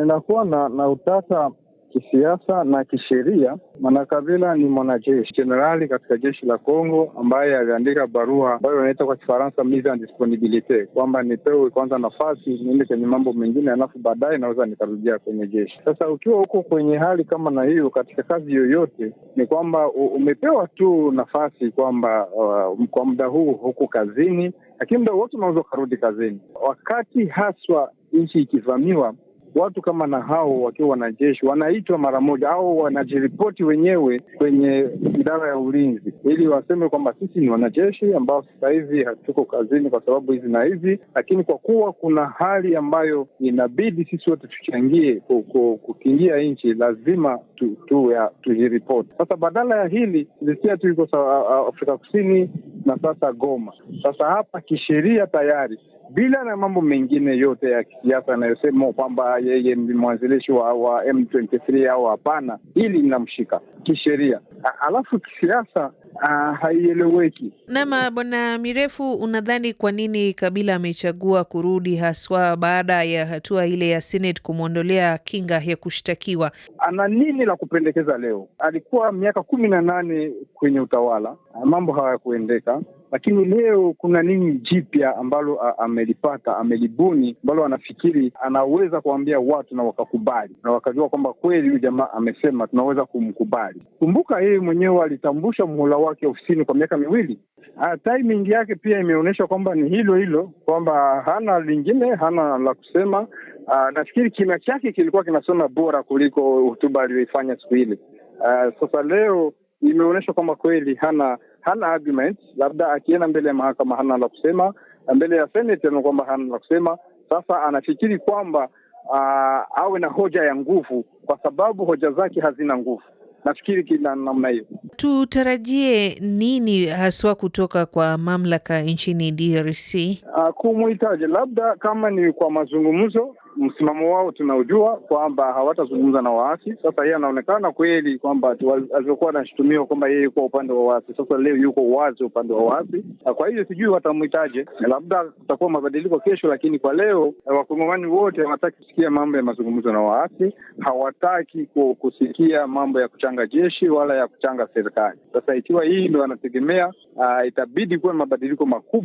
ninakuwa na, na utata kisiasa na kisheria. Mwanakabila ni mwanajeshi jenerali katika jeshi la Kongo ambaye aliandika barua ambayo wanaita kwa Kifaransa mise en disponibilite, kwamba nipewe kwanza nafasi niende kwenye mambo mengine, alafu baadaye naweza nikarudia kwenye jeshi. Sasa ukiwa huko kwenye hali kama na hiyo katika kazi yoyote, ni kwamba umepewa tu nafasi kwamba uh, kwa muda huu huku kazini, lakini muda wote unaweza ukarudi kazini, wakati haswa nchi ikivamiwa watu kama na hao wakiwa wanajeshi wanaitwa mara moja au wanajiripoti wenyewe kwenye idara ya ulinzi, ili waseme kwamba sisi ni wanajeshi ambao sasa hivi hatuko kazini kwa sababu hizi na hizi, lakini kwa kuwa kuna hali ambayo inabidi sisi wote tuchangie kukingia nchi, lazima tu, tu, tujiripoti. Sasa badala ya hili lisia tu iko Afrika Kusini na sasa Goma. Sasa hapa kisheria tayari bila na mambo mengine yote ya kisiasa anayosema kwamba yeye ni mwanzilishi wa, wa M23 au hapana, hili linamshika kisheria, alafu kisiasa uh, haieleweki. Nama Bwana Mirefu, unadhani kwa nini Kabila amechagua kurudi haswa baada ya hatua ile ya Senate kumwondolea kinga ya kushtakiwa? Ana nini la kupendekeza leo? Alikuwa miaka kumi na nane kwenye utawala, mambo hayakuendeka lakini leo kuna nini jipya ambalo amelipata amelibuni, ambalo anafikiri anaweza kuambia watu na wakakubali na wakajua kwamba kweli huyu jamaa amesema, tunaweza kumkubali. Kumbuka yeye mwenyewe alitambusha muhula wake ofisini kwa miaka miwili. Timing yake pia imeonyesha kwamba ni hilo hilo, kwamba hana lingine, hana la kusema. nafikiri kina chake kilikuwa kinasema bora kuliko hotuba aliyoifanya siku ile. sasa leo imeonyesha kwamba kweli hana hana arguments, labda akienda mbele ya mahakama hana la kusema, mbele ya senet ana kwamba hana la kusema. Sasa anafikiri kwamba uh, awe na hoja ya nguvu, kwa sababu hoja zake hazina nguvu. Nafikiri kila namna hiyo. Tutarajie nini haswa kutoka kwa mamlaka nchini DRC? Uh, ah, kumuhitaji labda kama ni kwa mazungumzo msimamo wao tunaojua kwamba hawatazungumza na waasi. Sasa yeye anaonekana kweli kwamba alivyokuwa anashutumiwa kwamba yeye yuko upande wa waasi, sasa leo yuko wazi upande wa waasi. Kwa hiyo sijui watamhitaje labda kutakuwa mabadiliko kesho, lakini kwa leo eh, wakongomani wote hawataki kusikia mambo ya mazungumzo na waasi, hawataki kusikia mambo ya kuchanga jeshi wala ya kuchanga serikali. Sasa ikiwa hii ndo anategemea, uh, itabidi kuwa mabadiliko makubwa.